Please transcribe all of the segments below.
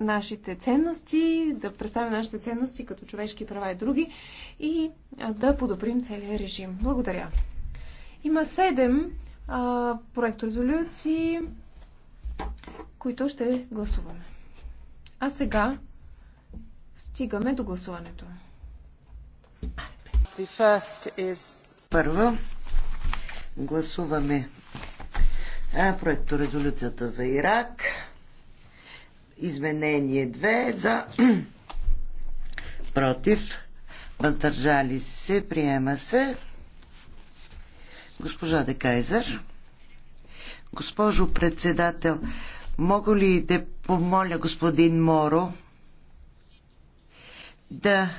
нашите ценности, да представим нашите ценности като човешки права и други и да подобрим целия режим. Благодаря. Има седем проект резолюции, които ще гласуваме. А сега стигаме до гласуването. Първо гласуваме проекторезолюцията за Ирак. Изменение 2 за против. Въздържали се. Приема се. Госпожа Декайзер. Госпожо председател, мога ли да помоля господин Моро да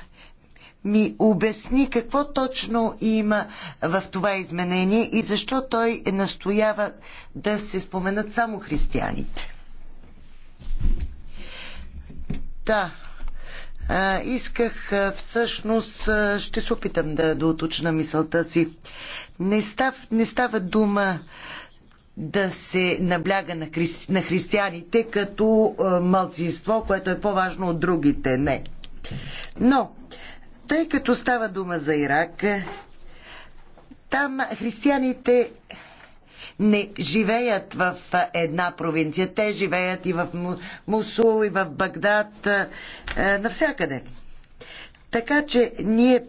ми обясни какво точно има в това изменение и защо той настоява да се споменат само християните? Да. А, исках всъщност, ще се опитам да, да уточна мисълта си. Не, став, не става дума да се набляга на, хри... на християните като а, мълцинство, което е по-важно от другите. Не. Но, тъй като става дума за Ирак, там християните не живеят в една провинция. Те живеят и в Мусул, и в Багдад, е, е, навсякъде. Така че ние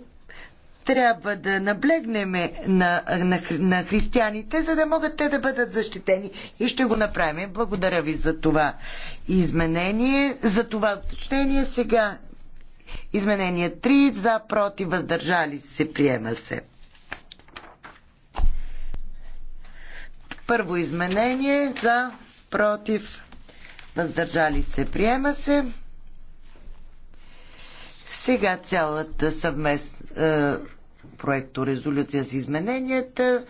трябва да наблегнем на, на, на християните, за да могат те да бъдат защитени. И ще го направим. Благодаря ви за това изменение, за това уточнение. Сега изменение 3 за, против, въздържали се, приема се. Първо изменение за против въздържали се приема се. Сега цялата съвместна е, проекто резолюция с измененията.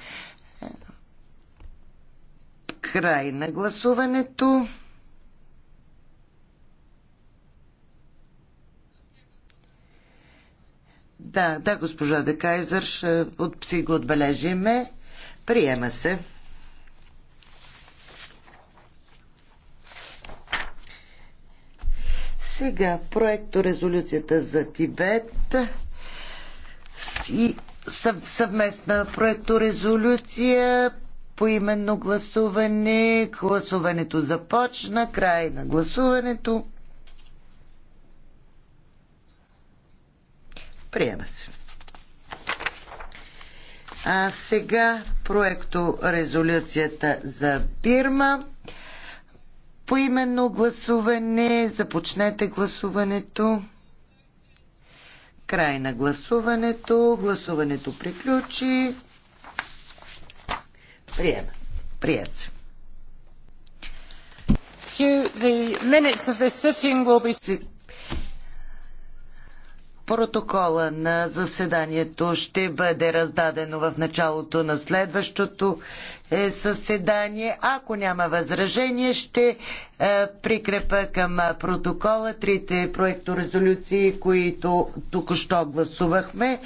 Край на гласуването. Да, да, госпожа Декайзър, от психо го отбележиме. Приема се. Сега проекто резолюцията за Тибет и съвместна проекторезолюция по именно гласуване. Гласуването започна. Край на гласуването. Приема се. А сега проекто резолюцията за Бирма. Поименно гласуване. Започнете гласуването. Край на гласуването. Гласуването приключи. Приема се. Прия се. The minutes of this sitting will be... Протокола на заседанието ще бъде раздадено в началото на следващото заседание. Е, Ако няма възражение, ще е, прикрепа към е, протокола трите проекторезолюции, които току-що гласувахме.